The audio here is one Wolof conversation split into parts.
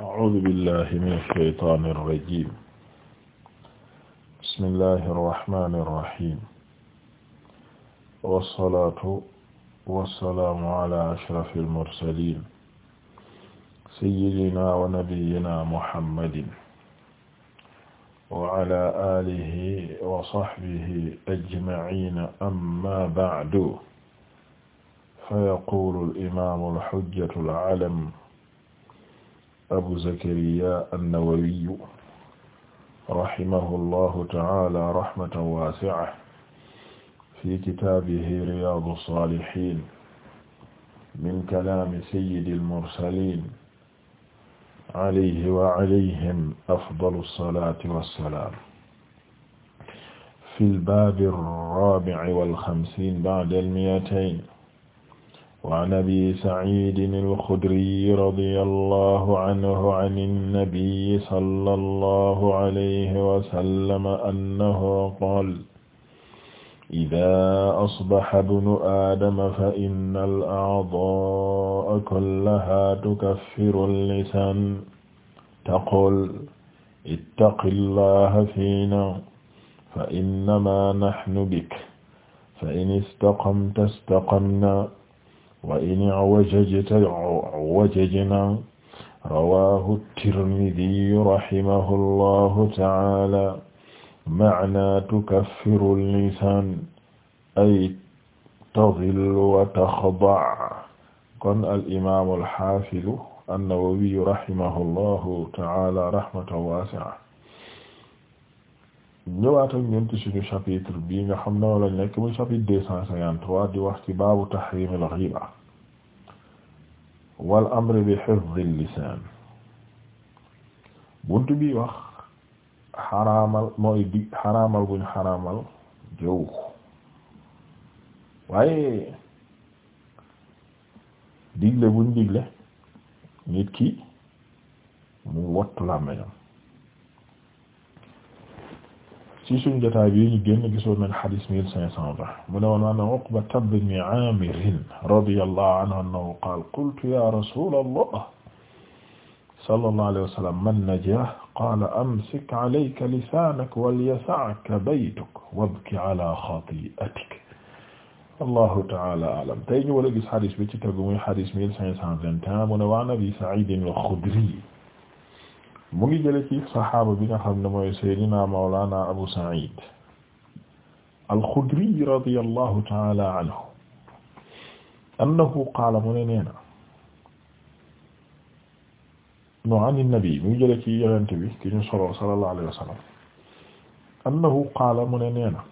أعوذ بالله من الشيطان الرجيم بسم الله الرحمن الرحيم والصلاة والسلام على أشرف المرسلين سيدنا ونبينا محمد وعلى آله وصحبه أجمعين أما بعد فيقول الإمام الحجة العلم abu zakariya annawawiyu rahimahu allahu taala rahmatan waasi'a fi kitaabihi riyaadu saalihiin min kalaami sayyidil mursaliin alayhi wa alayhim afdalu salaati wa salaam fil baabi raabi'i wal xamsiin ba'dal mi'atayn waan abi saciidin alxudriy radiyallahu anhu an annabiyi sallallahu alayhi wa sallam annahu qaala idaa asbaxa ibnu aadama fa inna al-acdaa'a kullahaa tukaffiru al-lisaan taqul ittaqi llaaha fiinaa fa innamaa naxnu bika fa in istaqamta istaqamnaa wa in awjajta awjajna rawaahu tirmidi rahimahu llahu taala maana tukaffiru lisaan ay tadillu wa taxda' kon al imaamu al xaafidu annawawiyu rahimahu llahu taala rahmatan waasi'a ñëwaat ak ñun suñu chapitre bii nga xam ne wala nekk muy chapitre deux cent cinquante-trois di wax ci baabu tahrim al-ghiba wal amri bi hifz al-lisan buntu wax xaraamal mooy di xaraamal buñ xaraamal jëw waaye digle buñ digle nit ki mu wattu làmmiñam ci suñu jotaay bi ñu génn gisoon nañ xadis mille cinq cent vingt mu ne woon an Uqbata ibn Aamir radiyallahu anhu annahu qaala qultu ya rasulallah sallallahu alayhi wa sallam man najaah qaala amsik alayka lisaanak walyasa'ka baytuk wabki ala xati'atik allahu ta'ala a'lam tey ñu wala gis xadis bi ci tegu muy xadis mille cinq cent vingt et un mu ne wa an Abi Sa'iid al-Xudri mu ngi jële ci saxaaba bi nga xam ne mooy Seydina Mawlana Abu Sa'id al-Khudri radiyallahu ta'ala anhu annahu qaala mu ne nee na no an nabi mu ngi jële ci yonent bi ki ñu solo sallallahu alayhi wa sallam annahu qaala mu ne nee na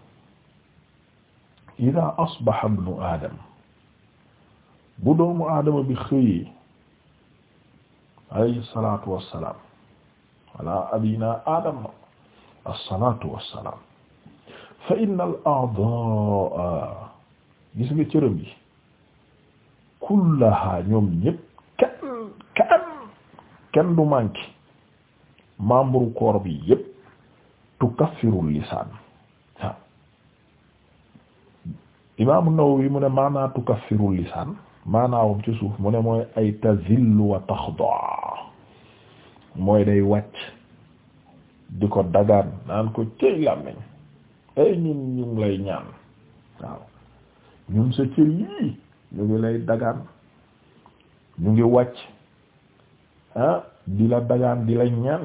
ida asbaha ibnu aadam bu doomu aadama bi xëyee alayhi salaatu wassalaam ala abina adam assalatu wassalam fa inna al a'daa gis nga cërëm yi kullaha ñoom ñëpp kenn kenn kenn du manqué membre corps bi yëpp tukaffirul lisaan waaw imaamu Nawawi mu ne maanaa tukaffirul lisaan maanaawam ci suuf mu ne mooy ay tazillu wa taxdaa mooy day wàcc di ko dagaan naan ko cëy làmmiñ ay ñun ñu ngi lay ñaan waaw ñun sa cër yii ñu ngi lay dagaan ñu ngi wàcc ah di la dagaan di la ñaan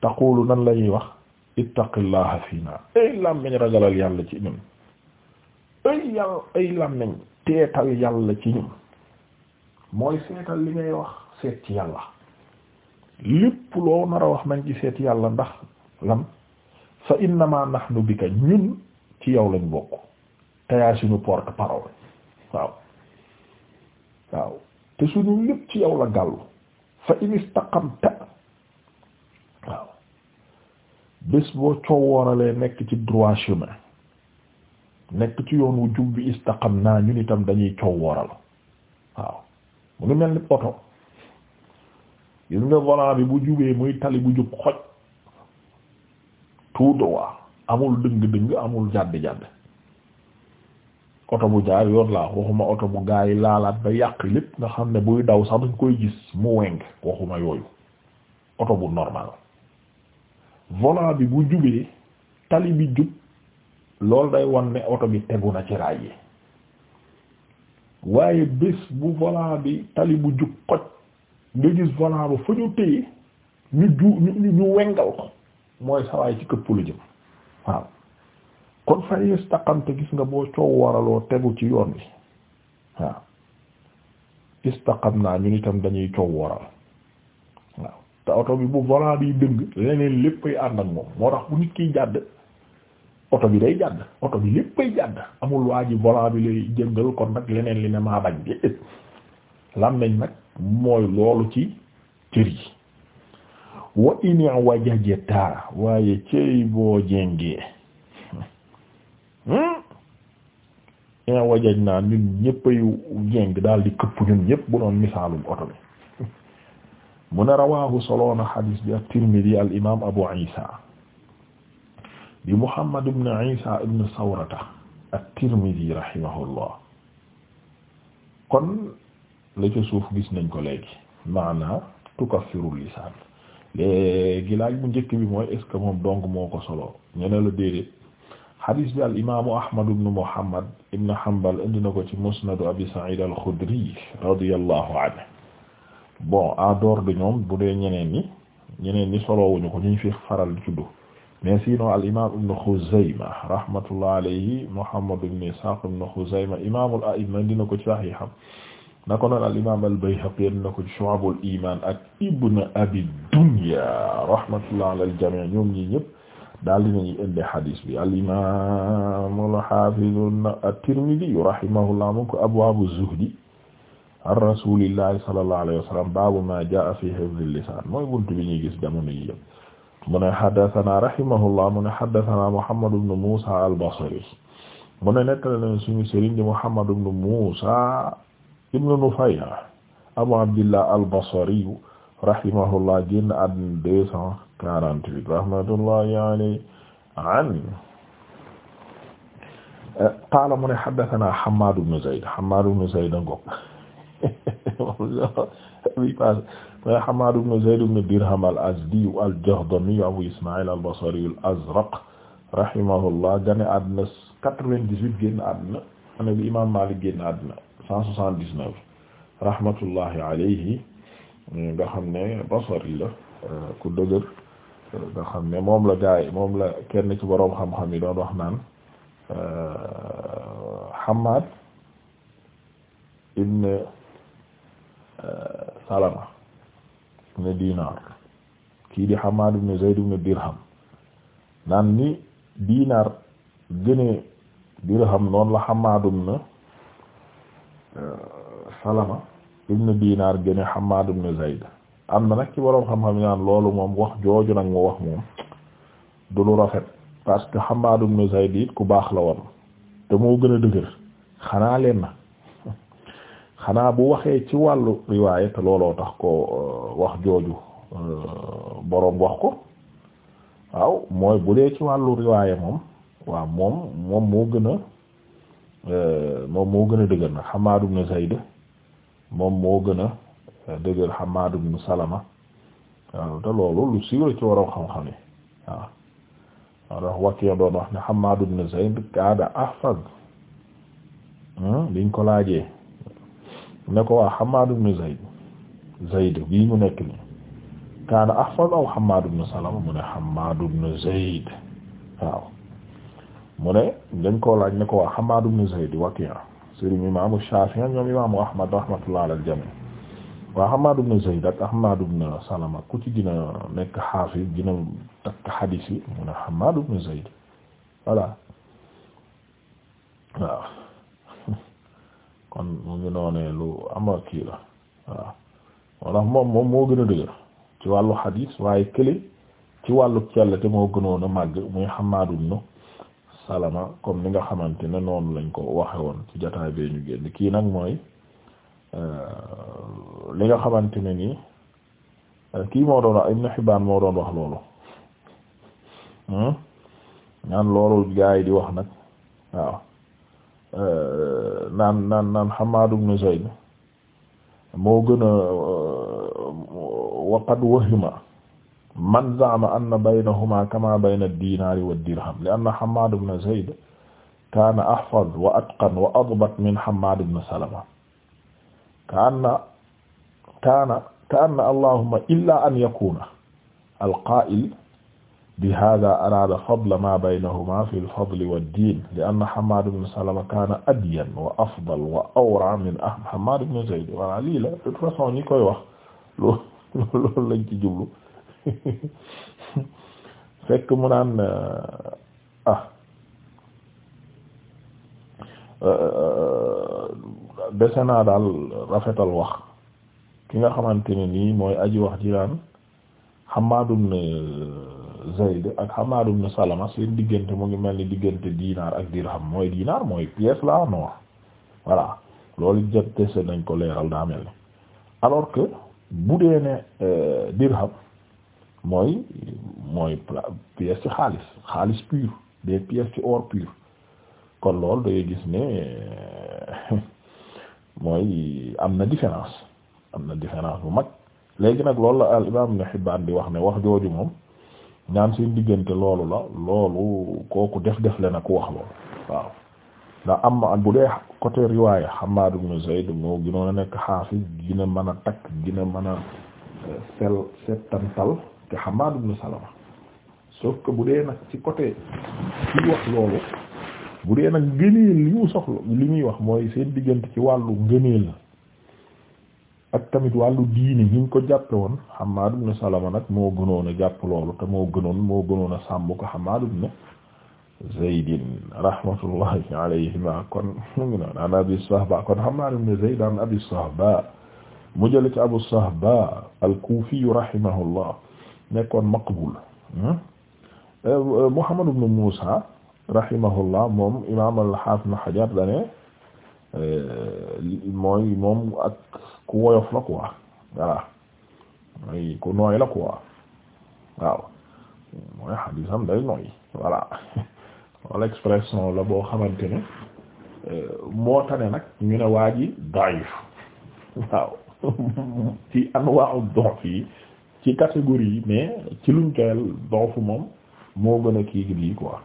taqulu nan la ñuy wax ittaqillaha fiina ay làmmiñ ragalal yàlla ci ñun ay yàlla ay làmmiñ teetal yàlla ci ñun mooy seetal li ngay wax seet ci yàlla lépp loo nar a wax nañ ci seet yàlla ndax lan fa innama bi bika ñun ci yow lañ bokk te yaay suñu porte parole waaw waaw te suñu lépp ci yow la gàllu fa in istaqamta waaw bés boo coowoonalee nekk ci droit nekk ci yoon wu jub bi istaqam naa ñun itam dañuy coowooral waaw mu ngi mel ni poto gis nga volant bi bu jubee muy tali bu jub xoj tout droit amul dëng-dëng amul jàdd-jàdd oto bu jaar yoon laa waxuma oto bu gaa yi laalaat ba yàq lépp nga xam ne buy daw sax dañ koy gis mu weng waxuma yooyu oto bu normal volant bi bu jubee tali bi jub loolu day wan ne oto bi tegu na ci raay waaye bés bu volant bi tali bu jub xoj nga gis volant ba fa ñu téye ñu du ñu ñu wengal ko mooy sawaay ci këpp lu jëm waaw kon fa istaqamte gis nga boo coow waraloo tegu ci yoon wi waaw istaqam naa ñun itam dañuy coow waral waaw te oto bi bu volant biy dëng leneen léppay ànd ak moom moo tax bu nit kiy jàdd oto bi day jàdd oto bi léppay jàdd amul waa ji volant bi lay jëngal kon nag leneen li ne maa bañ bi lam nag mooy loolu ci cër yi wa ini wajajata waaye cëy boo jéngee hmm? in wajaj naa ñun ñëppay jéng daal di këpp ñun ñëpp bu doon misaalum oto bi mu ne rawahu soloona xadis bi at-Tirmidhi Abu Isa bi Muhammad ibn Isa ibn Sawrata at-Tirmidhi kon la ca suuf gis nañ ko léegi maana tukaffirul lisaan léegi laaj bu njëkk bi mooy est ce moom dong moo ko solo ñene la déedéet hadis bi al imaamu ahmad ibn muhammad ibn hanbal indi na ko ci musnadu abi sa'id al khudri radiyallahu anhu bon en dehors de ñoom bu dee ñeneen ñi ñeneen ñi solowuñu ko ñu fi faral di tuddu mais sinon al imam ibn Khuzayma rahmatullah alayhi Muhammad ibn Ishaq ibn Khuzayma imamul a'imma dina ko ci sahiham na ko noon al imam al Bayhaqi na ko Shu'abul Iman ak Ibn Abi Dunya rahmatullah ala al jami' ñoom ñi ñëpp daal dinañu indi hadis bi al imam al hafiz at-Tirmidhi rahimahullah mu ko abwaabu zuhdi an rasulillahi sallallahu alayhi wa sallam baabu ma jaa fi hifz al-lisan mooy buntu bi ñuy gis jamono yi yëpp mu ne haddathana rahimahullah mu ne haddathana Muhammad ibn Musa al-Basri mu ne nettali nañu suñu sëriñ di Muhammad ibn Musa ibnu Nufay' Abu Abdillah al-Basri rahimahullah génn àddina deux cent quarante-huit rahmatullahi alayhi an qaala mu ne haddathana Hammad ibn Zayd Hammad ibn Zayd ngok Hammad ibn Zayd ibn Dirham al-Azdi al-Jahdami Abu Isma'il al-Basri al-Azraq rahimahullah génn àddina quatre-vingt-dix-huit génn àddina ana bi Imam Malik génn àddina cent soixante-dix-neuf rahmatullahi alayhi nga xam ne basari la euh, ku dëgër euh, nga xam ne moom la gaay moom la kenn ci boroom xam-xam yi doon wax naan euh, Hammad ibn Salama ibn Dinar kii di Hammad ibn Zayd ibn Dirham naan ni Dinar gëne Dirham noonu la Hammad ibn Euh, Salama ibn Dinar gëne Hammad ibn Zayd am na nag ci boroom xam-xam naan loolu moom wax jooju nag moo wax moom du lu rafet parce que Hammad ibn Zayd it ku baax la woon te moo gën a dëgër xanaa leen na xanaa bu waxee ci wàllu riwaaya te looloo tax ko euh, wax jooju euh, boroom wax ko waaw mooy bu dee ci wàllu riwaaya moom waa moom moom moo gën a Euh, moom moo gën a dëgër nag Hammaad ibn Zayd moom moo gën a euh, dëgër Hammaad ibn Salama waaw te loolu lu siiw la ci waroon xam-xam yi waaw waaw ndax Waki' doon kaada ahfaz hmm, biñ ko laajee ne ko waa Hammaad ibn Zayd Zayd bii mu nekk nii kaada ahfaz aw Hammaad ibn Salama mu ne Hammaad ibn Zayd waaw mu ne dañ koo laaj ne ko waa Hammad ibn Zayd Waki' ah, sëriñ imaamu Shafi'i ñoom imaamu rahmatullah ala al waa Hammad ibn Zayd ak Hammad ibn Salama ku ci gën nekk xaafis gën takk xadiis mu ne Hammad ibn Zayd voilà waaw kon mu ngi noonee lu ama kii la waaw moom moom moo gën a dëgër ci wàllu xadiis waaye kële ci wàllu cell te moo gënoon a màgg muy Hammad ibn salama comme li nga xamante ne noonu lañ ko waxe woon ci jotaay bee ñu génn kii nag mooy euh, li nga xamante ne nii euh, kii moo doon wax Ibn Hibbaan moo doon wax loolu hmm? naan loolu gaa yi di wax nag waaw euh, naan naan naan Hammaad ibn moo gën a waqad wahima man za'ama anna baynahuma kama bayna ad-dinar wa ad-dirham li anna Hammad ibn Zayd kaana ahfaz wa atqan wa adbat min Hammad ibn Salama kaana kaana kaana allahumma illa an yakuna al-qaa'il bi haadha araada fadla ma baynahuma fi al-fadli wad-diin li anna Hammad ibn Salama kaana adyan wa afdal wa awra min Hammad ibn Zayd voilà lii la de toute façon ñi koy wax loolu loolu lañ ci jublu fekk mu naan euh, ah euh, euh, dese naa daal rafetal wax ki nga xamante ni nii mooy aji wax ji daan Hammaad ibn Zayd ak Hammaad ibn Salama seen diggante mu ngi mel ni diggante diinaar ak dirham mooy diinaar mooy pièce la noor voilà loolu jot dese nañ ko leeral daa mel ni alors que bu dee ne dirham mooy mooy pièce ci xaalis xaalis pur des pièces ci or pur kon loolu da gis ne mooy am na différence am na différence bu mag léegi nag loolu la al imam Ibn Hibbaan di wax ne wax jooju moom ñaan seen diggante loolu la loolu kooku def def le na ku wax loolu waaw ndax am bu dee côté riwaaya Hammaad ibn Zayd moo gënoon a nekk xaafis gën a mën a takk gën a mën a euh, sel settantal te Hammaad ibn Salama sauf que bu dee nag ci côté ci wax loolu bu dee nag ngëneel li mu soxla li wax mooy seen diggante ci wàllu ngëneel ak tamit wàllu diini ñu ko jàppe woon Hammaad ibn Salama nag moo gënoon a jàpp loolu te moo gënoon moo gënoon a sàmm ko Hammaad ibn Zaydin rahmatullahi alayhima kon mu ngi noonu an Abi Sahba kon Hammaad ibn Zayd an Abi Sahba mu jële ci Abu Sahba al-Kufi nekkoon maqbul hmm? euh, euh, Muhammad ibn Musa rahimahullah moom imaam al-Hafiz Ibn dane euh, mooy moom ak ku woyof la quoi voilà mooy ku nooy la quoi waaw day nooy voilà wala expression la boo xamante ne moo tane nag ñu ne waa ji daif waaw ci ci catégorie yi mais ci luñ koyal doofu moom moo gën a kii bii quoi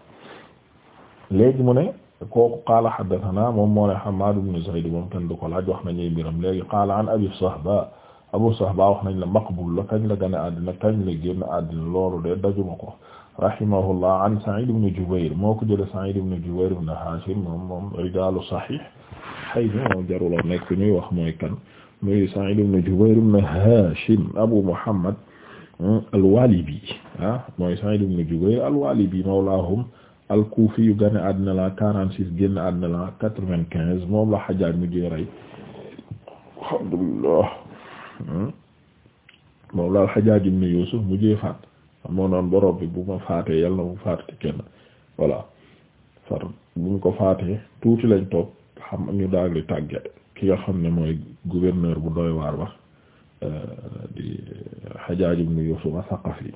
léegi mu ne kooku qaala haddathana moom moo ne Hammad ibn Zayd moom kenn du ko laaj wax nañuy mbiram léegi qaala an Abi Sahba Abu Sahba wax nañ la maqbul la kañ la gën a àddina kañ la génn àddina loolu de dajuma ko rahimahullah an Sa'id ibn Jubayr moo ko jële Sa'id ibn Jubayr ibn Hashim moom moom rijalu sahih xëy na moom jarul a nekk ñuy wax mooy kan muy Sa'id ibn Jubayr ibn Hashim Abu Muhammad Hmm? al-Walibi ah mooy Sa'id ibn Jubayr al-Walibi mawlahum al-Kufi yu gane àddina la 46 génn àddina la 95 moom la Hajjaj mujjee rey alhamdulillah hmm? moom la al-Hajjaj ibn Yusuf mujjee faat moo noon borom bi bu ma faatee yàlla na bu faatee kenn voilà far bu ñu ko faatee tuuti lañ toog xam ñu daal di tàgge ki nga xam ne mooy gouverneur bu doy waar ba. di Hajjaj ibn Yusuf As-Saqafi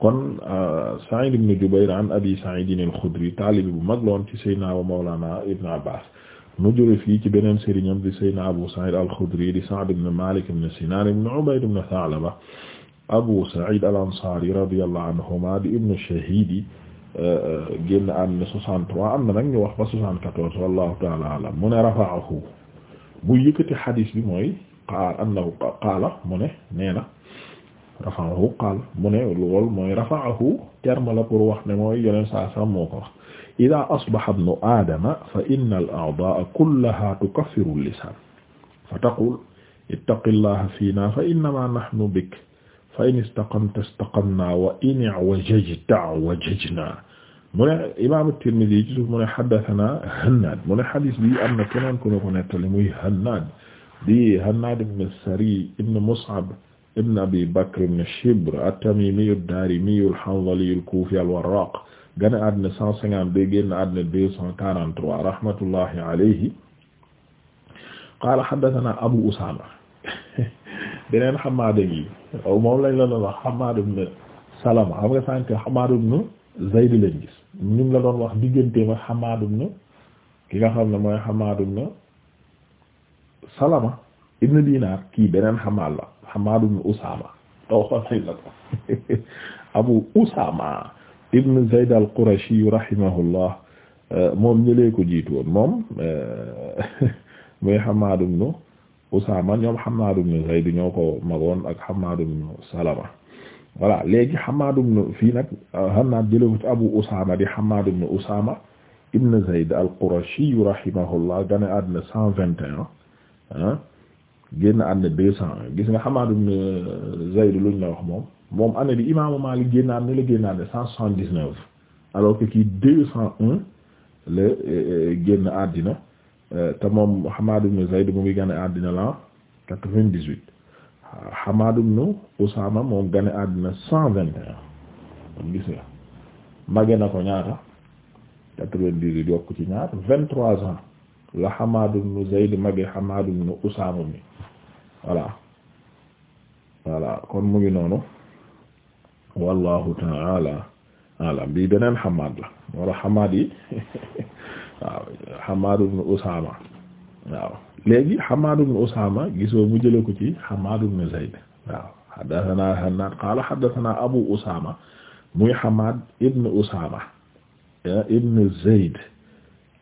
kon euh, Sa'id ibn Jubayr an Abi Sa'id al-Khudri taalibi bu mag loon ci wa Mawlana Ibn Abbas mu jëlee fii ci beneen sëriñam di Seydina Abu Sa'id al-Khudri di Sa'd ibn Malik ibn Sinan ibn Ubayd ibn Tha'laba Abu Sa'id al-Ansari radiyallahu anhuma di ibn Shahidi euh, génn am na 63 wax ba 74 wallahu ta'ala a'lam mu ne rafa'ahu bu hadis bi mooy. qaala annahu qaala mu ne nee na rafa'ahu qaala mu ne lool mooy rafa'ahu terme la pour wax ne mooy yeneen saa saa moo ko wax idaa asbaha ibnu aadama fa inna al-a'daa'a kullahaa tukaffiru al-lisaan fa taqul ittaqillaha fiinaa fa innamaa nahnu bik fa in istaqamta istaqamnaa wa in i'wajajta i'wajajnaa mu ne imaam at-Tirmidhi ci suuf mu ne haddathanaa Hannaad mu ne hadis bi am na keneen ku ne ko nettali muy Hannaad di Hannaad ibn Sari ibn Mus'ab ibn Abi Bakr ibn Shibr at-Tamimi ad-Darimi al-Hanzali al-Kufi al-Warraq gane àddina 152 génn àddina 243 rahmatullahi alayhi qaala haddathana Abu Usama beneen Hammaad yi moom lañ la doon wax Hammaad ibn Salama xam nga sànq Hammaad ibn Zayd lañ gis ñu la doon wax digganteem ak Hammaad ibn ki nga xam ne mooy Hammaad ibn Salama ibn Dinar kii beneen Hammaad la Hammaad ibn Usaama taw xamay la ko Abu Usaama ibn Zayd al-Qurashi rahimahullah euh, moom ñëlee ko jiitu woon moom euh, muy Hammaad ibn Usaama ñoom Hammaad ibn Zayd ñoo ko magoon ak Hammaad ibn Salama voilà léegi Hammaad ibn fii nag Hammaad jëlee ko ci Abu Usaama di Hammaad ibn Usaama ibn Zayd al-Qurashi rahimahullah gane àddina cent vingt et un ah génn ànd deux cent un gis nga Hamad ibn Zayd luñ la wax moom moom année bi imaamu Maalik génn ànd la génn ànd cent dix neuf alors que kii deux cent un la euh, euh, génn àddina euh, te moom Hamad ibn Zayd mu ngi gane àddina la quatre vingt dix huit Hamad ibn Usaama moom gane àddina cent vingt et un gis nga mage na ko ñaata quatre vingt dix huit yokk ci ñaar vingt trois ans la Hamad ibn Zayd magi Hamad ibn Usaama mi voilà kon mu ngi noonu wallahu ta'ala alam bi beneen wala Hamad yi waaw Hamad ibn Usaama waaw léegi Hamad ibn Usaama gisoo mu jële ko ci Hamad ibn Zayd waaw haddathana Hannaad qaala haddathana Abu Usaama muy Hamad ibn Usaama eh, ibn Zayd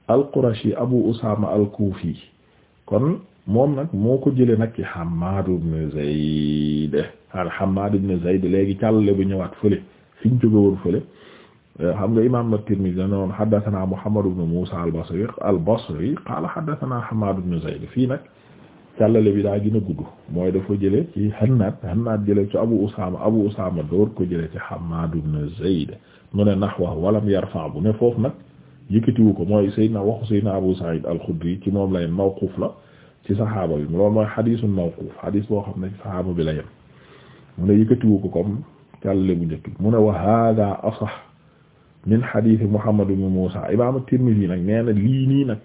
al-Qurashi Abu Usama al-Kufi kon moom nag moo ko jëlee nag ci Hammad ibn Zayd al Hammad ibn Zayd léegi càllale bu ñëwaat fële fi ñu jóge woon fële xam nga imaam at-Tirmidhi da noon haddathana Muhammad ibn Musa al-Basri al-Basri qala haddathana Hammad ibn Zayd fii nag càllale bi daa gën a gudd mooy dafa jëlee ci Hannad Hannad jëlee ci Abu Usama Abu Usama door ko jëlee ci Hammad ibn Zayd mu ne nahwa walam yarfa bu ne foofu nag yëkkatiwu ko mooy Seydina waxu Seydina Abu Sa'id al-Khudri ci moom la yem mawquf la ci saxaaba bi loolu mooy xadiisul mawquf xadiis boo xam ne ci saxaaba bi la yem mu ne yëkkatiwu ko comme càlle bu njëkk mu ne wa hada asah min xadiisi Muhammad ibn Muusa imaam nag na lii nii nag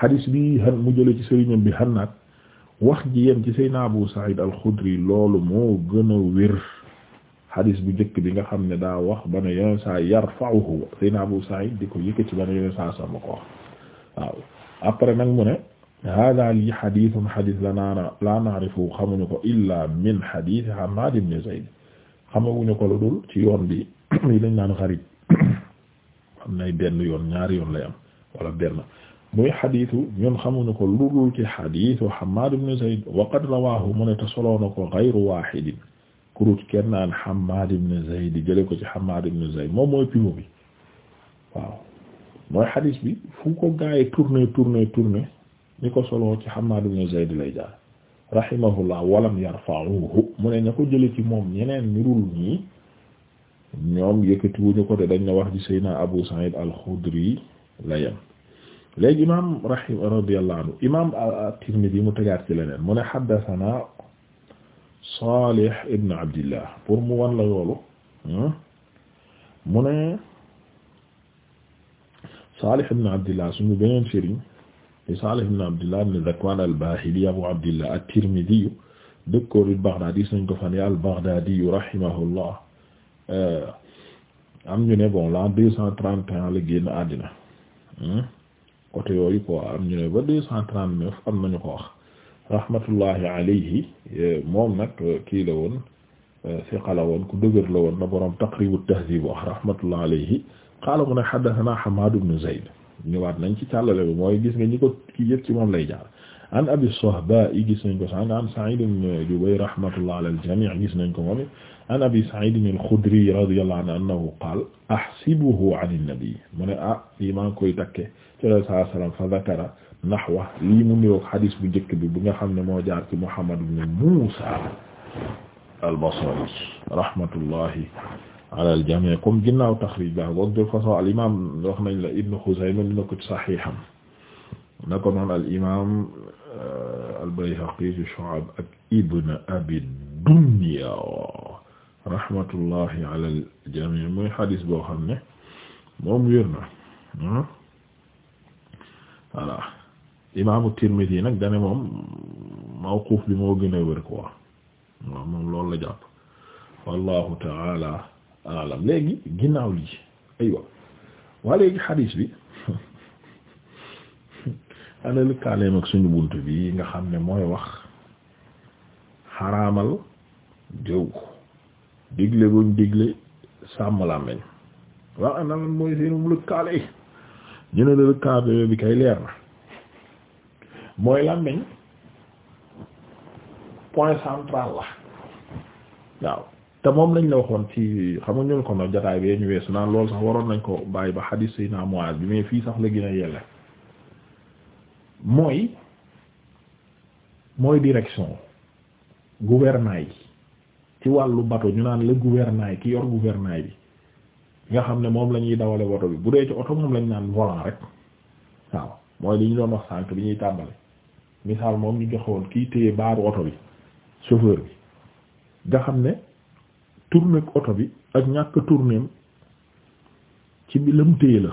xadiis bi mu jële ci sëriñam bi Hannaad wax ji yem ci naa Abu Sa'id al-Khudri loolu moo gën a wér xadis bu njëkk bi nga xam ne daa wax ba ne yeneen saa yarfa'uhu sayna Abu Sa'id di ko yëkkati ba ne yeneen ko wax waaw après nag mu ne hada lii xadithun xadis la naana la naarifu xamuñu ko illa min xadith Hammad ibn Zayd xamaguñu ko lu dul ci yoon bi yi lañ naan xarib am nay benn yoon ñaari yoon lay am wala benn muy xaditu ñun xamuñu ko lu dul ci xaditu Hammad ibn Zayd wa qad rawahu mu ne te ko gayru wahidin kurut kenn naan Hammad ibn Zayd jële ko ci Hammad ibn Zayd moom mooy pimo bi waaw mooy hadis bi fu ko gaay tourné tourné tourné ñi ko solo ci Hammad ibn Zayd lay jaar rahimahullah walam yarfa'uhu mu ne ña ko jële ci moom ñeneen ñurul ñii ñoom yëkkati wuñu ko de dañ na wax ci Seydina Abu Sa'id al-Khudri la yem léegi imam rahim radiyallahu anhu imam at mu tegaat ci leneen mu ne haddathana Salih ibn Abdillah pour mu wan la loolu mu ne Salih ibn Abdillah suñu beneen sëriñ di Salih ibn Abdillah ibn Zakwan al-Bahili Abu Abdillah at-Tirmidhi dëkkoor it Baghdadi suñ ko fan al-Baghdadi rahimahullah euh, am ñu ne bon l'an deux cent trente et un la génn àddina côté yooyu quoi am ñu ne ba deux cent trente neuf am nañu ko wax rahmatullahi alayhi moom nag kii la woon siqa la woon ku dëgër la woon na borom taqribu tahdhib wax ah, rahmatullahi alayhi qaala mu ne haddathana Hammad ibn Zayd ñëwaat nañ ci càllale bi mooy gis nga ñi ko kii yëpp ci moom lay jaar an Abi Suhba yi gis nañ ko sànq an Sa'id ibn Jubayr rahmatullahi ala al-jami' gis nañ ko moom it an Abi Sa'id al-Khudri radiyallahu anhu annahu qaala ahsibuhu an an-nabi mu ne ah lii maa ngi koy takke ci Rasul sallallahu alayhi wa sallam fa dhakara naxwa lii mu niroog xadis bu njëkk bi bu nga xam ne moo jaar ci Muhammad ibn Muusa al-Basri rahmatullahi ala al-jamii comme ginnaaw taxrij ba boog de façon al imam wax nañ la Ibn Xuzayma dina ko ci saxiixam na ko noon al imam euh, al-Bayhaqi ci Shu'ab ak Ibn Abi Dunya rahmatullahi ala al-jamii muy xadis boo xam ne moom wér na hmm? voilà imaamu yi nag dane moom mawquuf bi moo gën a wér quoi waaw moom loolu la jàpp wallahu taala alam léegi ginnaaw lii aywa waa léegi xadiis bi ana lëkkaaleem ak suñu bunt bi nga xam ne mooy wax xaraamal jëw digle guñ digle sàmm làmmeñ waaw ana lan mooy seenum lëkkaale ñu ne la lëkkaale bi kay leer na mooy làmmiñ point central la waaw te moom lañ la waxoon ci xam nga ñu ko no jataay bee ñu weesu naan lool sax waroon nañ ko bàyyi ba xadiis Seydina Muaaz bi mais fii sax la gën a yelle mooy mooy direction gouvernail yi ci wàllu bato ñu naan le gouvernail ki yor gouvernail bi nga xam ne moom la ñuy dawale woto bi bu dee ci oto moom lañ naan volant rek waaw mooy li ñu doon wax sànk bi ñuy tàmbale misaal moom ñu joxewoon kii téye baaru oto bi chauffeur bi nga xam ne tourner oto bi ak ñàkk tourneem ci bi lam téye la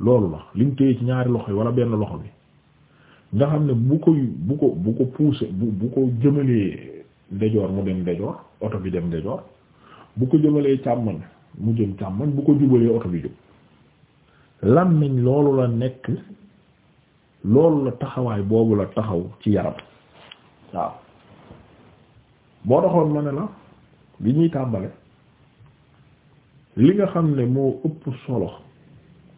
loolu la lim téye ci ñaari loxo yi wala benn loxo bi nga xam ne bu koy bu ko bu ko pousser bu bu ko jëmalee ndejoor mu dem ndejoor oto bi dem ndejoor bu ko jëmalee càmmoñ mu jëm càmmoñ bu ko jubalee oto bi jub làmmiñ loolu la nekk loolu la taxawaay boobu la taxaw ci yaram waaw boo taxoon ma ne la bi ñuy tàmbale li nga xam ne moo ëpp solo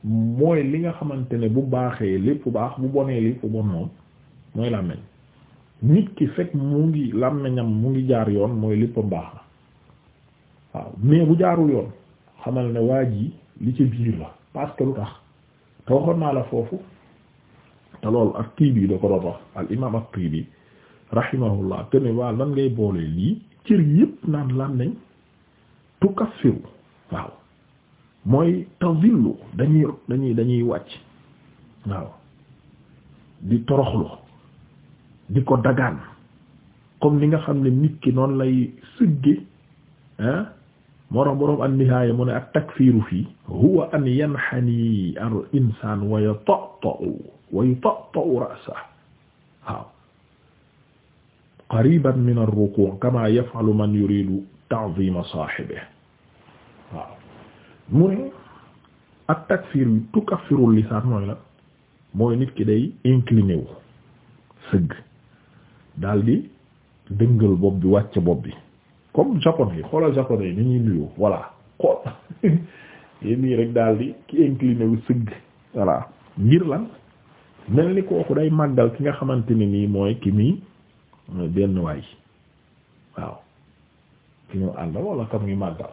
mooy li nga xamante ne bu baaxee lépp baax bu bonee lépp bon moom mooy làmmeñ nit ki fekk mu ngi làmmeñam mu ngi jaar yoon mooy léppam baax na waaw mais bu jaarul yoon xamal ne waa ji li ci biir la parce lu tax te waxoon naa la foofu te loolu ak Tiibi da ko doon wax al imaam ak Tiibi rahimahullah te ne waa lan ngay boole lii cër yëpp naan lan nañ tukaffiru waaw mooy tazillu dañuy dañuy dañuy wàcc waaw di toroxlu di ko dagaan comme ni nga xam ne nit ki noonu lay sëgge ah moo tax boroom an-nihaaya mu ne ak takfiiru fii huwa an yanxanii al insaan wa yata'ta'u wa yutatta'u waaw qariban min ar-ruku' kama yaf'alu man yuridu ta'zima sahibihi waaw mu ne ak takfir yu tukaffiru lisaan mooy la mooy nit ki day incliné wu sëgg daldi dëngal bopp bi wàcc bopp bi comme japonais yi xoolal japonais yi ni ñuy nuyu voilà xool yéen ñii rek daldi ki incliné sëgg voilà ngir lan mel ni kooku day màggal ki nga xamante ne nii mooy ki muy euh, benn waay waaw ki ñu ànd wala ka muy màggal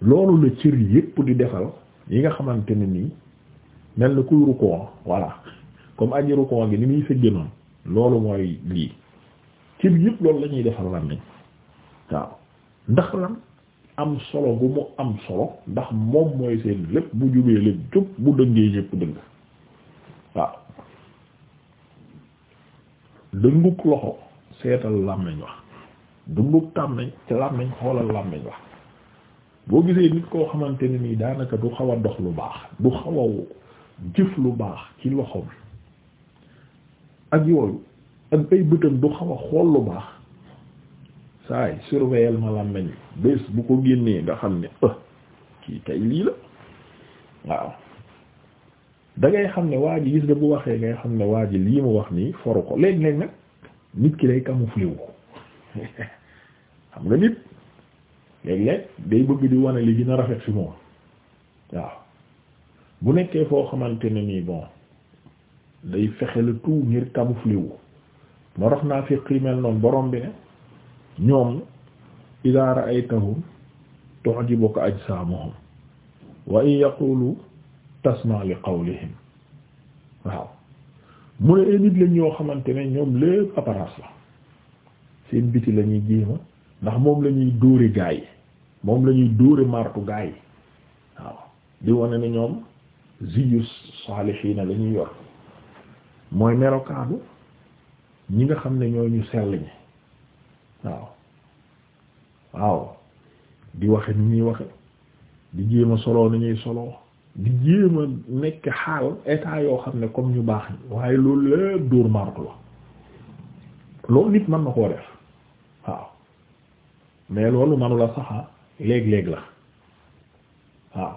loolu la cër yépp di defal yi nga xamante ne nii mel ni kuy rukkoo voilà comme aji rukkoo gi ni muy sëgge noonu loolu mooy lii cër yépp loolu la ñuy defal lan nañ waaw ndax lan am solo gu mu am solo ndax moom mooy seen lépp bu jubee lépp jub bu dëngee yépp dëng waaw dëngug loxo seetal làmmiñ wax dëngug tàmmiñ ci làmmiñ xoolal làmmiñ wax boo gisee nit koo xamante ne nii daanaka du xaw a dox lu baax du xaw a jëf lu baax ci loxo bi ak yooyu ak ay bëtam du xaw a xool lu baax saay surveiller ma làmmiñ bés bu ko génnee nga xam ne ah kii tey lii la waaw da xam ne waa ji gis nga bu waxee ngay xam ne waa ji lii mu wax nii foru ko léeg-léeg nag nit ki day camouflé wu xam nga nit léeg-léeg day bëgg di wane li gën a rafet fi moom waaw bu nekkee foo xamante ne nii bon day fexe le tuu ngir camouflé wu moo naa fi mel noonu borom bi ne ñoom idaa ra'aytahum tu'jibuka ajsaamuhum wa in yaqulu tasma li qawlihim waaw mu ne ay nit lañ ñoo xamante ne ñoom lépp apparence la seen biti la ñuy ndax moom la ñuy dóore gaa yi moom lañuy ñuy dóore martu gaa yi waaw di wane ne ñoom ziyu saalihiina la ñuy yor mooy melokaanu ñi nga xam ne ñoo ñu sell ñi waaw waaw waxe ni ñuy waxe di jéema soloo ni ñuy soloo di jéem nekk xaal état yoo xam ne comme ñu baax ñi waaye loolu lépp dóor marto la loolu nit mën na koo def waaw mais loolu manula saxa léeg-léeg la waaw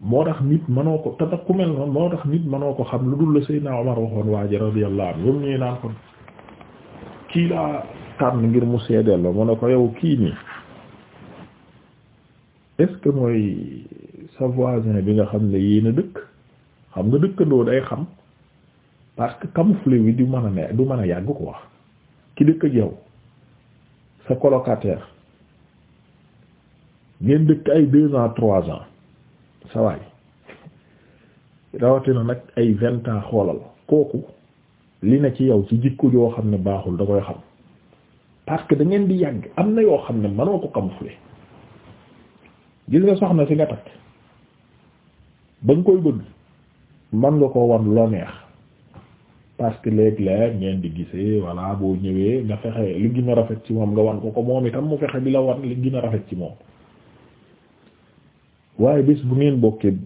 moo tax nit mënoo ko tatak ku mel noonu moo tax nit mënoo ko xam lu dul la Seydina Omar waxoon waa ji radiyallahu anhu yomu ñuy naan kii laa tànn ngir mu seedeel la mu ne ko yow kii nii est mooy sa voisin bi nga xam ne yéen a dëkk xam nga dëkkandoo day xam parce que camouflé bi du man a ne du mën a yàgg ko wax ki dëkk ak yow sa colocataire ngeen dëkk ay deux ans trois ans sa waay rawatina nag ay vingt ans xoolal kooku li na ci yow ci jikko joo xam ne baaxul da koy xam parce que da ngeen di yàgg am na yoo xam ne mënoo ko camoufler gis nga soxna si nga takk ba nga koy bëgg man nga ko wan la neex parce que léeg ngeen di gisee voilà boo ñëwee nga fexe li gën a rafet ci moom nga wan ko ko moom itam mu fexe di la wan li gën a rafet ci moom waaye bis bu ngeen bokkee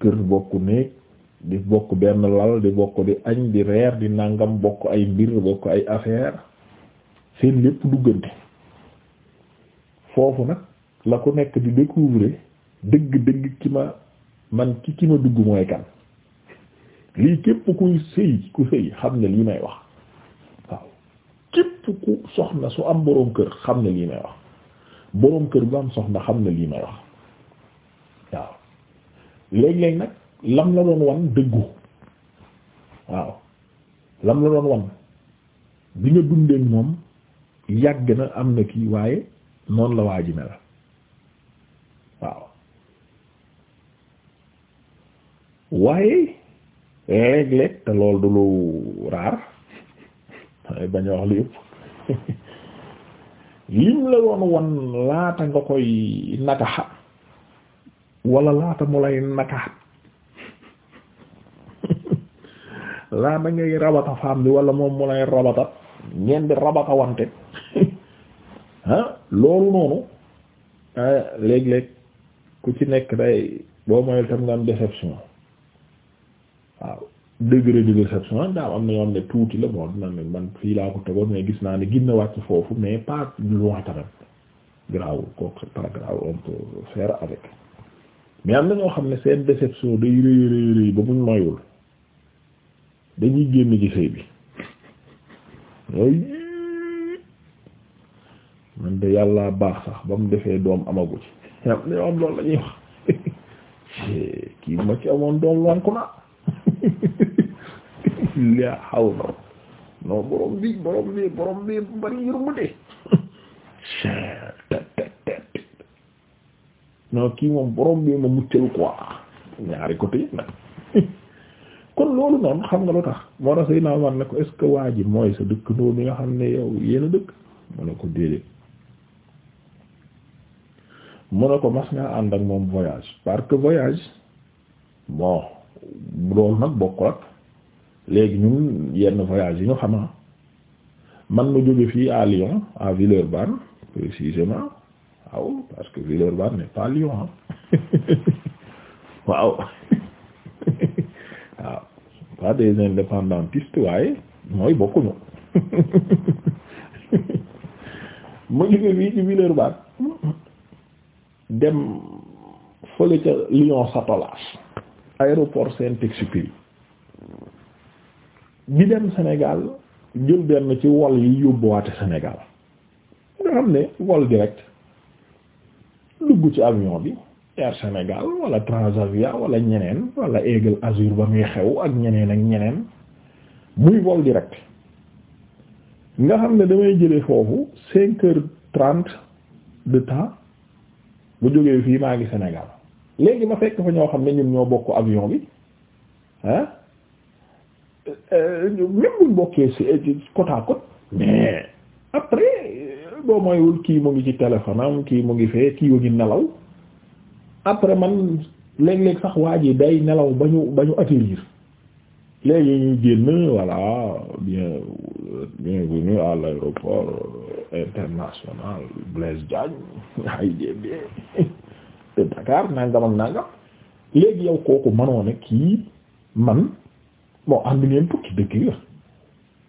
kër bokk néeg di bokk benn lal di bokk di añ di reer di nangam bokk ay mbir bokk ay affaire seen lépp duggante foofu nag la ko nekk di découvrir dëgg-dëgg ki ma man ki ki ma dugg mooy kan lii képp kuy sëy ku sëy xam ne lii may wax waaw képp ku soxna su am boroom kër xam ne lii may wax boroom kër bu am soxna xam ne lii may wax waaw léeg-léeg nag lam la doon wan dëggu waaw lam la doon wan bi nga dundeek moom yàgg na am na kii waaye noonu la waa ji mel waaye léeg-léeg te lool du lu raar waaye bañ wax lu yëpp lim la doon wan laata nga koy nakaxa wala laata mu lay nakaxat laata ngay rabata faam bi wala moom mu lay rabatat ngeen di rabata wante ah loolu noonu eh, léeg-léeg ku ci nekk day boo moyul tam nga am waaw degré de déception daaw am na yoon ne tuuti la bon man fii laa ko tegoon mais gis naa ne gis na wàcc foofu mais pas loin tamit grawul kooku c'est pas grave mais am na ñoo xam ne seen déception day rëy rëy rëy ba buñ moyul dañuy génn ci sëy bi man de yàlla baax sax ba mu defee doom amagu ci am na ñoo am loolu la wax kii ma ci amoon doom lonku na laa xaw na non borom bi borom bi borom bi bari yërmande non kii moom borom bi ma muccal quoi ñaari côté yëpp nag kon loolu noonu xam nga lu tax moo tax Seydina Omar ne ko est ce waa ji mooy sa dëkk noonu mi nga xam ne yow yéen dëkk mu ne ko déedéet mu ne ko mas ngaa ànd ak moom voyage parce que voyage bon. loolu nag bokkul ak léegi ñun yenn voyage yi ñu xamaa man ma jóge fii à Lyon à Villeurbanne précisément waaw parce que Villeurbanne n'est pas Lyon waaw waaw pas des indépendantistes waaye mooy bokkuñu ma jóge fii ci Villeurbanne dem fële Lyon Satolas aéroport Saint-Exupéry bi dem Sénégal jël benn ci wol yi yóbbuwaate Sénégal nga xam ne vol direct dugg ci avion bi Air Sénégal wala Transavia wala ñeneen wala Eagle Azur ba muy xew ak ñeneen ak ñeneen muy vol direct nga xam ne damay jële foofu cinq heures trente de temps bu jógee fii maa ngi Sénégal léegi ma fekk fa ñoo xam ne ñun ñoo bokk avion bi ah même buñ bokkee ci côte mais après boo moywul kii mu ngi ci téléphone kii mu ngi fee kii wa nelaw après man léeg-léeg sax waa ji day nelaw ba ñu ba ñu atterrir léegi ñu génn voilà bien bienvenue à l'aéroport international Blaise Diagne ay jb naa Dakar nangam ak nangam léegi yow kooku mënoo kii man bon ànd ngeen tukki dëkk yi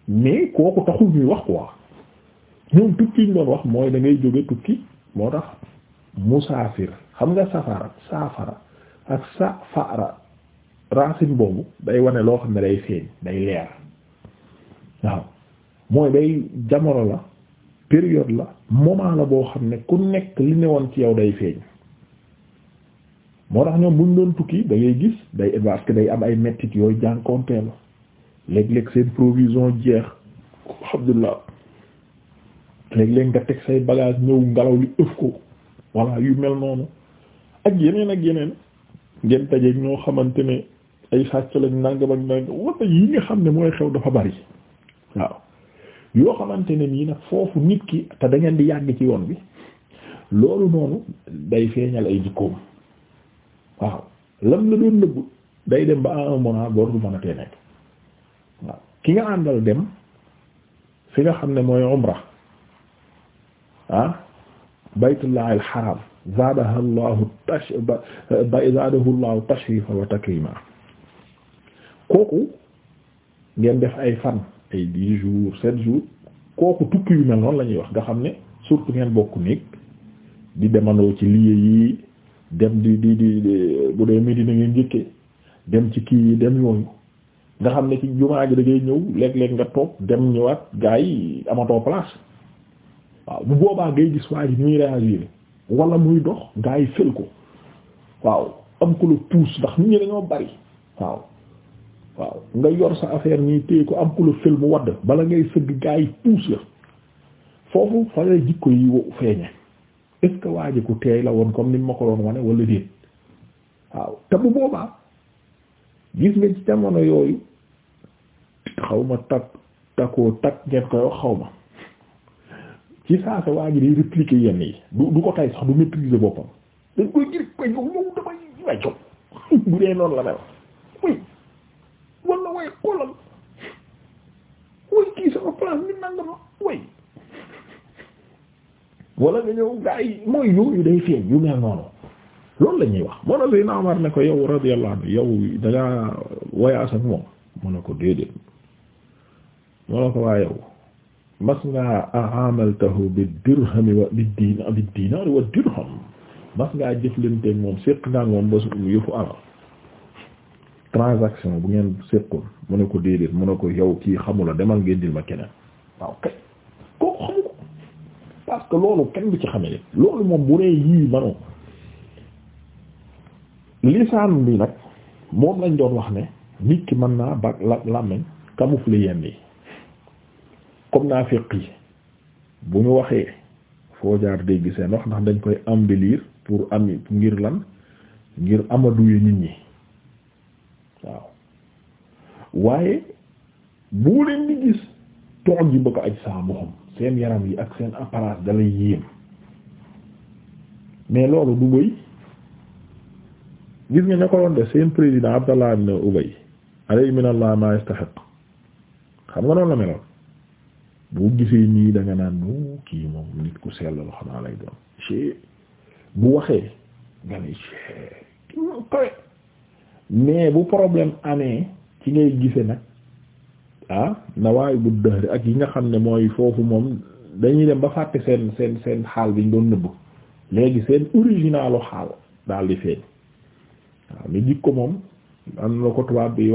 mais kooku taxul ñuy wax quoi ñoom tukki ñu doon wax mooy dangay jóge tukki moo tax musaafir xam nga safara saafara ak safara racine boobu day wane loo xam ne day feeñ day leer waaw mooy day jamono la période la moment la boo xam ne ku nekk li ne woon ci yow day feeñ moo tax ñoom buñ doon tukki dangay ngay gis day parce que day am ay mettit yooyu jànkonteel léeg-léeg seen provision jeex alhamdulilah léeg-léeg nga teg say bagage ñëw ngelaw li ëf ko voilà yu mel noonu ak yeneen ak yeneen ngeen tajeeg ñoo xamante ne ay sàcc lañ nangam ak nangam wala yi nga xam ne mooy xew dafa bari waaw yoo xamante ne nii nag foofu nit ki te da ngeen di yàgg ci yoon bi loolu noonu day feeñal ay jikkoom. waaw lam la doon nëbbu day dem ba à un moment dootul mën a tee waaw ki nga àndal dem fi nga xam ne mooy umra ah baytullah al haram zaadahu llahu tash ba zaadahu takrima kooku ngeen def ay fan ay dix jours sept jours kooku tukki yu mel noonu la wax nga xam ne surtout ngeen bokk néeg di demandoo ci lieu yi dem di di di bu dee Medina ngeen njëkkee dem ci kii yi dem yooyu nga xam ne ci jumaa ji da ngay ñëw léeg-léeg nga toog dem ñëwaat gaa yi amatoo place waaw bu boobaa ngay gis waa ji muy réagir wala muy dox gaa yi fël ko waaw am ku la puus ndax nit ñi dañoo bari waaw waaw nga yor sa affaire nii téye ko am ku la fël mu wadd bala ngay sëgg gaa yi puus la foofu fa la jikko yi feeñe est-ce ku teey la woon comme ni ma ko doon wane wala déet waaw te bu boobaa gis nga ci jamono yooyu xaw ma takk takkoo takk ngeen koy wax xaw ma ci saase waa ji day yenn yi du du ko tay sax du maîtriser boppam dañ dee noonu la mel oui wala way xoolal way kii sama place mi nangam way wala nga ñëw gaa mooy yooyu day feeñ yu mel noonu loolu la ñuy wax moo tax Seydina ko yow radiyallahu anhu yow da ngaa voyage ak moom mu ne ko déedéet mu ne ko waa yow mas ngaa aamaltahu bi dirhami wa bi diina moom séq ngaa moom ba su yëfu alal transaction bu ngeen séqoon mu ne ko déedéet mu ne ko yow kii xamula demal ngeen dil ma keneen waaw kay ko xam parce que loolu kenn du ci xame ne loolu moom bu dee yii mano lisaan bi nag moom lañ doon wax ne nit ki mën naa bag la làmmiñ camoufler yenn yi comme naa féq yi bu ñu waxee foo jaar dégg seen wax ndax dañ koy embellir pour am ngir lan ngir amaduye nit ñi waaw waaye bu leen di gis toog ji ba ko aj saa moxam seen yaram yi ak seen apparence dalay yéem mais loolu du bëy gis nga ña ko doon def seen président Abdallah ibn Ubay alayhi minallah ma yastahiq xam nga noonu la meloon boo gisee nii danga naan bu kii moom nit ku sell la xanaa lay doon bu waxee nga ne ci mais bu problème amee ci ngay gise nag ah nawaayu bu dëhër ak yi nga xam ne mooy foofu moom dañuy dem ba fàtte seen seen seen xaal biñ doon nëbb léegi seen originalu xaal daal di feeñ waaw mais jikko moom am na ko tubaab bi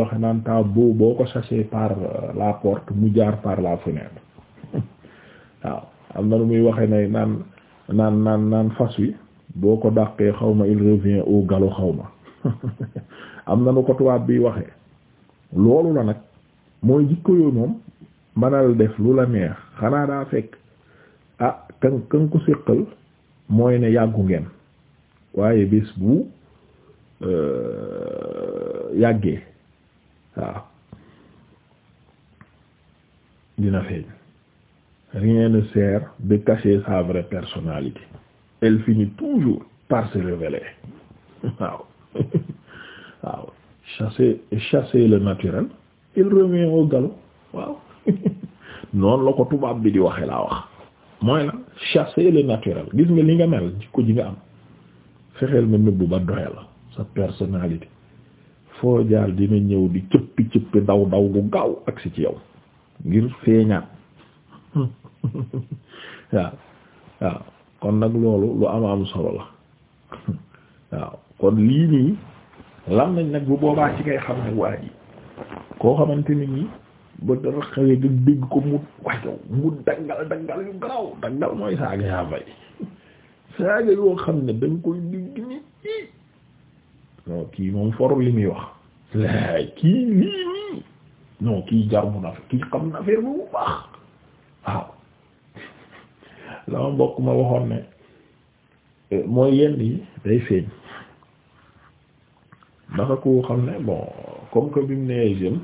boo ko chasser par euh, mu jaar par la am na lu muy waxe ne naan naan naan naan fas wi boo ko dàqee xaw ma il revient au galop xaw ma am na lu ko tubaab bi waxe loolu la nag mooy jikko yooyu moom manal def lu la neex xanaa daa fekk ah kan kan ko séqal mooy ne yàggu ngeen waaye bis bu euh, yàggee waaw dina feeñ rien ne sert de sa vraie personnalité elle finit toujours par se révéler waaw waaw chasser chasser le naturel il revient au waaw noonu la ko tubaab bi di waxe laa wax mooy la chasser le naturel gis nga li nga mel jikko ji nga am fexeel nga nëbbu ba doyal sa personnalité foo jaar dina ñëw di cëppi cëppi daw daw bu gaaw agsi ci yow ngir feeñaat waaw waaw kon nag loolu lu am am solo la waaw kon lii nii lan nañ nag bu boobaa ci ngay xam ne waa ji koo xamante nit ñi ba dara xawee nga mu dangal dangal yu garaw dangal mooy saaga yaa fay saaga yoo xam ne danga koy dégg nit kii moom foru li muy wax la kii lii nii non kii jar mu na kii xam na bi bu baax waaw la mbokk ma waxoon ne eh, mooy yenn yi day feeñ naka ko xam ne bon comme que bi mu nee jeune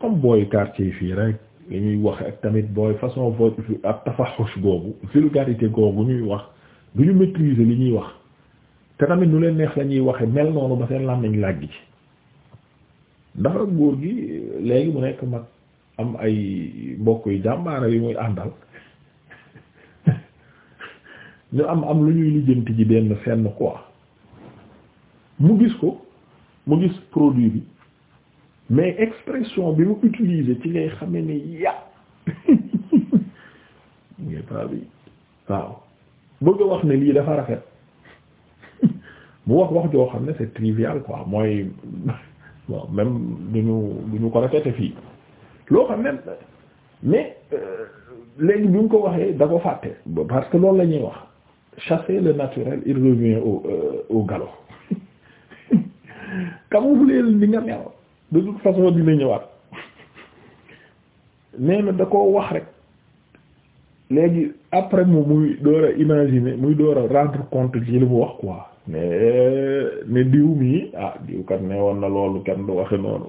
comme booy quartier fii rek li ñuy waxe ak tamit booy façon voie ak tafaxush googu vulgarité googu ñuy wax du ñu maîtriser li ñuy wax te tamit nu leen neex la ñuy waxe mel noonu ba seen làmmiñ làgg ci ndax ak góor gi léegi mu nekk mag am ay mbokk yu jàmbaare yu muy àndal ñu am am lu ñuy lijjanti ji benn fenn quoi mu gis ko mu gis produit bi mais expression bi mu utiliser ci ngay xamee ne ya ngéppa bi waaw bëgg wax ne lii dafa rafet mu wax wax joo xam ne c'est trivial quoi mooy bon même duñu duñu ko répéter fii loo xam ne mais euh, léegi bi mu ko waxee da ko fàtte parce que loolu la ñuy wax chasser le naturel il revient au euh, au galop camoufler li nga mel de toute façon dina ñëwaat nee na da koo wax rek léegi après mu muy door a imaginer muy door a rendre compte ci li mu wax waaw mais ne diw mii ah diw kat woon na loolu kenn du waxe noonu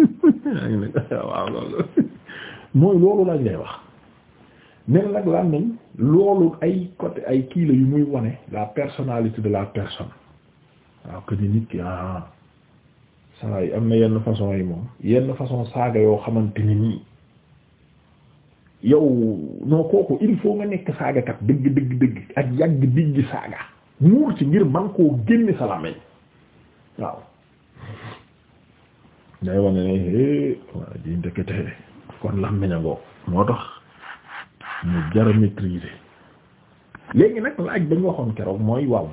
waaw loolu mooy loolu lañ lay wax ne nag lan loolu ay côté ay kii la yu muy wone la personnalité de la personne waaw que nit ki ah saa yi am na yenn façon yi moom yenn façon saaga yoo xamante ni nii yow non kooku il faut nga nekk saagakat dëgg dëgg dëgg ak yàgg digg saaga muur ci ngir man koo génne sa làmmiñ waaw day eh, waa ji ndekete kon làmmiñ moo tax mu jara maîtriser léegi nag laaj ba ñu waxoon keroog mooy waaw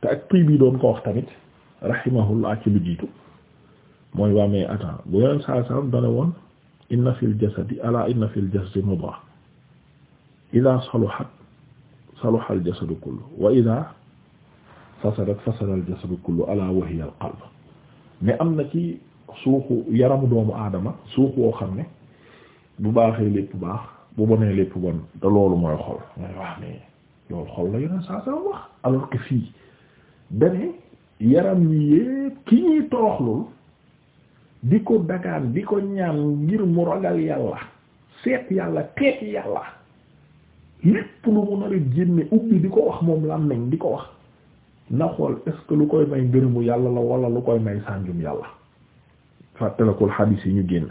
te ak prix bi doon ko wax tamit rahimahullah ci lu jiitu mooy waa mais attends bu yeneen saa saam dana woon inna fil jasadi ala inna fil jasadi mudra ida al jasadu kullu wa ida wa hiya al qalb mais am na ci suuxu yaramu doomu aadama suux woo xam ne bu baaxee lépp baax bu bonee lépp bon te loolu mooy xol mooy wax mais xol la yeneen saa saam wax alors que fii beneen yaram yi yépp ki ñuy toroxlul di ko dagaan di ko ñaan ngir mu ragal yàlla seet yàlla teet yàlla lépp lu mu nar génne ubbi di ko wax moom lan di ko wax na xool est lu koy may ngërëmu yàlla la walla lu koy may sànjum yàlla fàttalakul xadiis yi ñu génn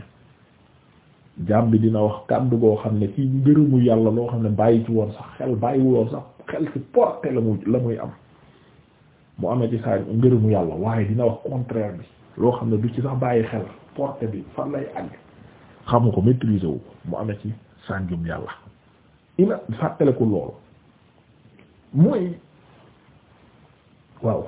jaam bi dina wax kàddu goo xam ne ci ngërëmu yàlla loo xam ne bàyyi ci woon sax xel bàyyi woon sax xel ci porté la muy la muy am mu amee ci saa ngërëmu yàlla waaye dina wax contraire bi loo xam ne du ci sax bàyyi xel porte bi fan lay àgg xamu ko maîtriser wu ko mu amee ci sànjum yàlla ina fàttaleku loolu mooy waaw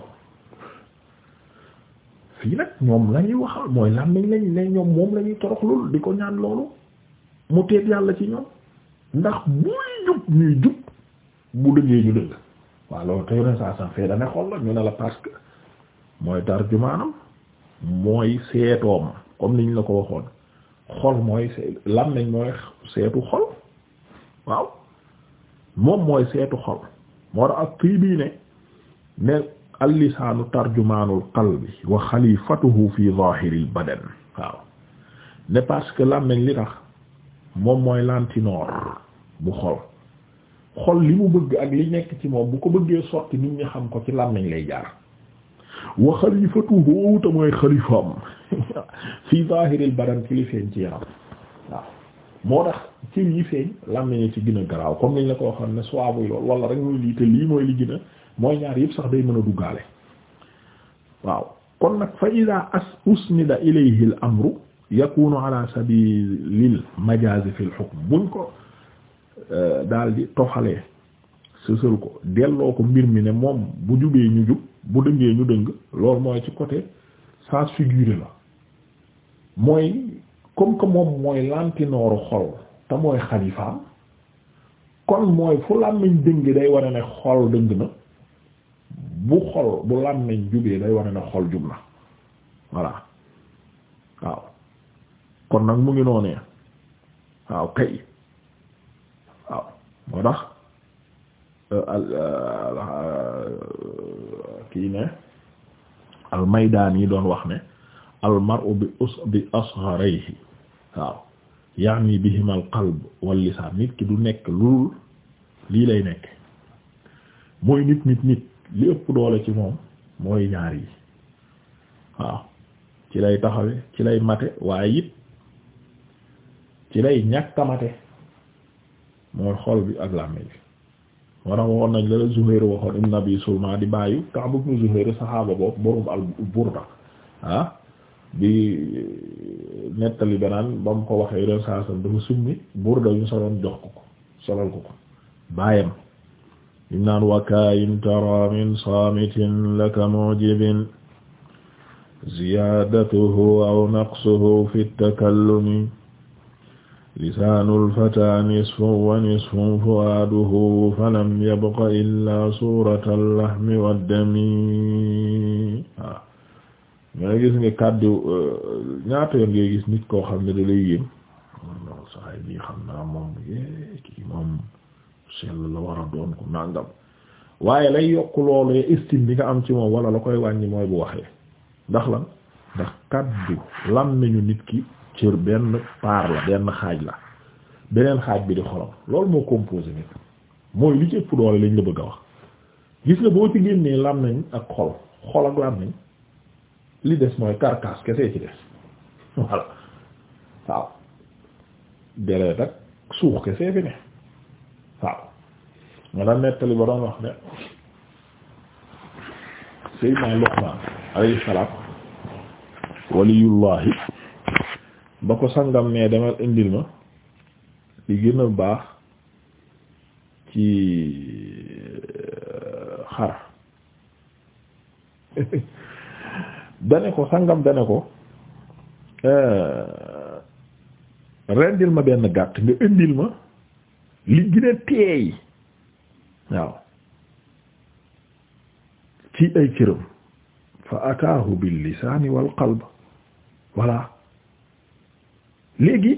fii nag ñoom lañuy waxal mooy lan lañ lañ ne ñoom moom lañuy torox di ko ñaan loolu mu teet yàlla ci ñoom ndax muy jub ñuy jub bu dëggee ñu dëgg waaw loolu te yoneen saa san fee dane xol la ñu ne la parce que mooy tarjumaanam mooy seetoom comme niñ la ko waxoon xol mooy làmmiñ mooy seetu xol waaw moom mooy seetu xol moo tax ak kii bii ne ne allisaanu tarjumaanul qalbi wa xalifatuhu fi zahiril badan waaw ne parce que làmmiñ li tax moom mooy lantinoor bu xol xol li mu bëgg ak li nekk ci moom bu ko bëggee sotti nit ñi xam ko ci làmmiñ lay jaar wa xalifatuhu te mooy xalifaam fi zaahiril badan ci ci yaram waaw moo tax ci yi ci gën garaaw comme niñ la ko xam ne suwaabuy lool wala rek muy lii te lii mooy li gën mooy ñaar yëpp sax day mën a duggaale waaw kon nag fa ida as usnida ilayhi amru yakunu ala sabilil majazi fi al hukm buñ ko euh, daal di toxalee sësal ko delloo ko mbir mi ne moom bu jubee ñu jub bu dëngee ñu dëng loolu mooy ci côté sens figuré la mooy comme que moom mooy lantinooru xol te mooy xalifaam kon mooy fu làmmiñ dëng day wane ne xol dëng na bu xol bu làmmiñ jubee day wane ne xol jub na voilà waaw kon nag mu ngi noonee waaw kay waaw moo tax euh, euh, kii ne almaydaan yi doon wax ne almaru bi us bi asgharayhi waaw yaani bihima alqalb wal lisaan nit ki du nekk lul lii lay nekk mooy nit nit nit li ëpp doole ci moom mooy ñaar yi waaw ci lay taxawe ci lay mate waaye it ci lay ñàkk mate mooy xol bi ak làmmiñ bi maanaam waxoon nañ la Zuhayr waxoon ibn Abi Sulma di bàyyu Ka'b ibn Zuhayr saxaaba boobu al-Burda bi ah, nettali benaan ba mu ko waxee Burda yu soloon jox ko ko solal ko ko min saamitin laka mujibin ziyaadatuhu aw naqsuhu fi lisaanu lfata nisfun wa nisfun fu'aaduhu falam yabqa illaa suurata llahmi waddami waaw ñooy gis nga kàddu euh, ñaata yoon ngay gis nit koo xam ne da lay yéem lool saay bii xam naa moom eh, kii moom sell la war a doon ko nàngam waaye lay yokk loolu estime bi nga am ci moom wala la koy wàññi mooy bu waxee ndax lan ndax kàddu làmmiñu nit ki cër benn part la benn xaaj la beneen xaaj bi di xorom loolu moo composé nit mooy li ci ëpp lañ la bëgg a wax gis nga boo ci génnee làmmiñ ak xol xol ak làmmiñ li des mooy carcasse kese ci des voilà waaw deret ak suux kese fi ne waaw nga daan nettali ba doon wax ne Seydina Luqman alayhi salaam waliyullahi ba ko sangam ne demal indil ma li gën a baax ci euh, xar dane ko sangam dane ko euh, rendil ma benn gàtt nga indil ma li gën a teey waaw ci ay cëram fa ataahu bil lisaani wal qalb voilà léegi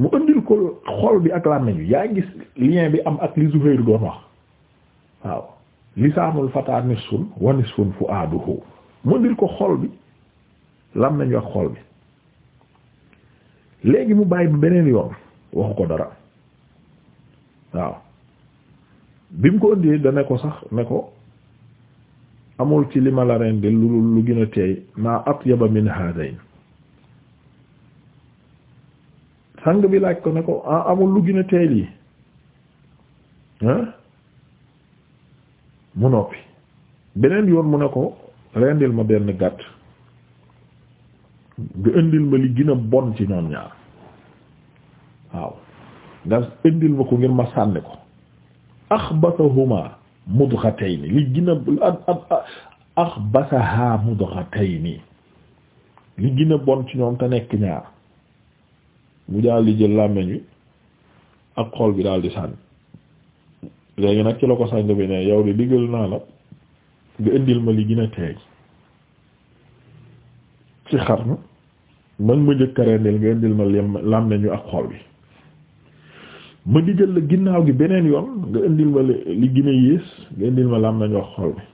mu andil ko xool bi ak làmmiñ bi yaa gis lien bi am ak li Zuhayr doon wax waaw lisaanul fataa nisfun wa nisfun fu'aaduhu mu andil ko xool bi làmmiñ bi ak xool bi léegi mu bàyyi bu beneen yoon waxu ko dara waaw bi mu ko ëndee da ne ko sax ne ko amul ci li ma la rendil lu lu gën a teey maa atyaba min haadayn sang bi laaj ko ne ko ah, amul lu gën a teel yi mu noppi beneen yoon mu ne ko rendil ma benn gàtt nga indil ma li gën bon ci ñoom ñaar waaw nga indil ma ko ngir ma sànni ko axbasahuma mudghatayn li gën a ak li gën bon ci ñoom te nekk ñaar mu daal di jël làmmiñ wi ak xol bi daal di sànni léegi nag ci la ko sàng bi ne yow di diggal naa la nga indil ma li gën a teey ci xar na nag ma njëkka rendil nga indil ma làmmiñ wi ak xool bi ma diggal la ginnaaw gi beneen yoon nga indil ma li gën a yées nga indil ma làmmiñ wi ak xol bi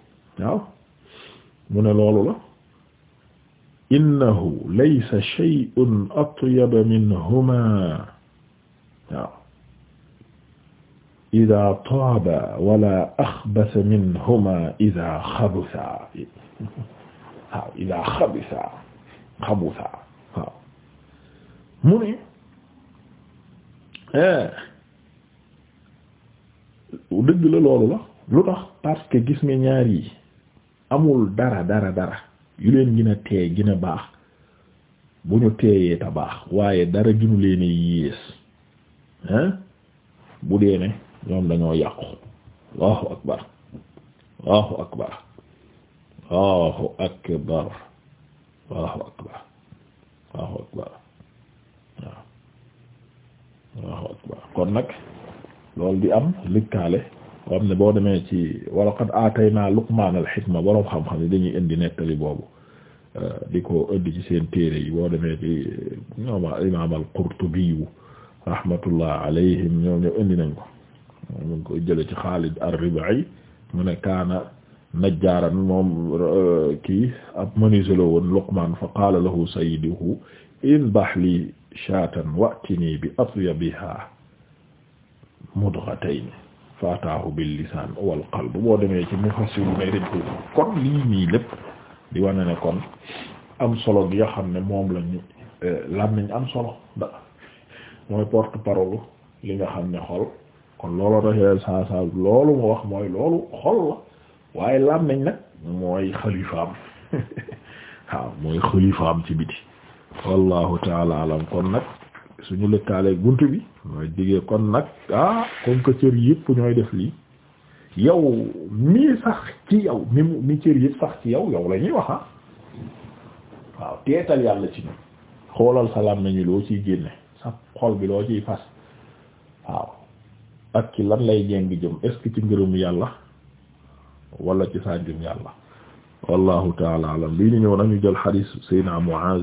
waaw mu ne loolu la innahu laysa shay'un atyaba minhumaa waaw idaa taaba wala axbasa minhumaa idaa xabusa waaw idaa xabisa xabusa waaw mu ni eh, dëgg la loolu la lu tax parce que gis nga ñaar yi amul dara dara dara yu leen gën a teey gën baax bu ñu teeyee ta baax waaye dara ginu leen yées hein bu dee ne ñoom dañoo yàqu allahu akbar allahu akbar allahu akbar allahu akbar allahu akbar waaw allahu akbar kon nag loolu di am lëkkaale xam ne boo demee ci wala qad aataynaa luqmaanal xikma boroom xam-xam yi dañuy indi nettali boobu euh, di ko indi ci seen téere yi boo demee ci ñoom imaam al-Qurtubi rahmatullah alayhim ñoom ñëw indi nañ ko mu ngi ko jële ci Xaalid ar-Rib'i mu ne kaana najjaaran moom euh, kii ab menuisier la woon Luqmaan fa qaala lahu sayyiduhu izbah li shaatan wa'tinii bi atyabihaa mudghatayn faataahu bil lisaan wal qalb boo demee ci mufassiru nay dañ ko kon lii mii lépp di wane ne kon am solo gi nga xam ne moom lañu eh, làmmiñ am solo da mooy porte parole li nga xam ne xol kon loolu tax saa saa loolu mu wax mooy loolu xol la waaye làmmiñ nag mooy xalifaam waaw mooy xalifaam ci biti wallahu taala alam kon nag suñu lëkkaale bunt bi mooy digee kon nag ah comme que cër yëpp ñooy def lii yow mii sax ci yow mi mu mi cër yëpp sax ci yow yow la ñuy wax ah waaw teetal yàlla ci ñun xoolal salaam nañu loo ciy génne sa xol bi loo ciy fas waaw ak ci lan lay jéng jëm est-ce ci ngërëm yàlla wala ci saa jëm yàlla wallahu taala alam bii ni ñëw nañu jël xadiis Seydina Muaz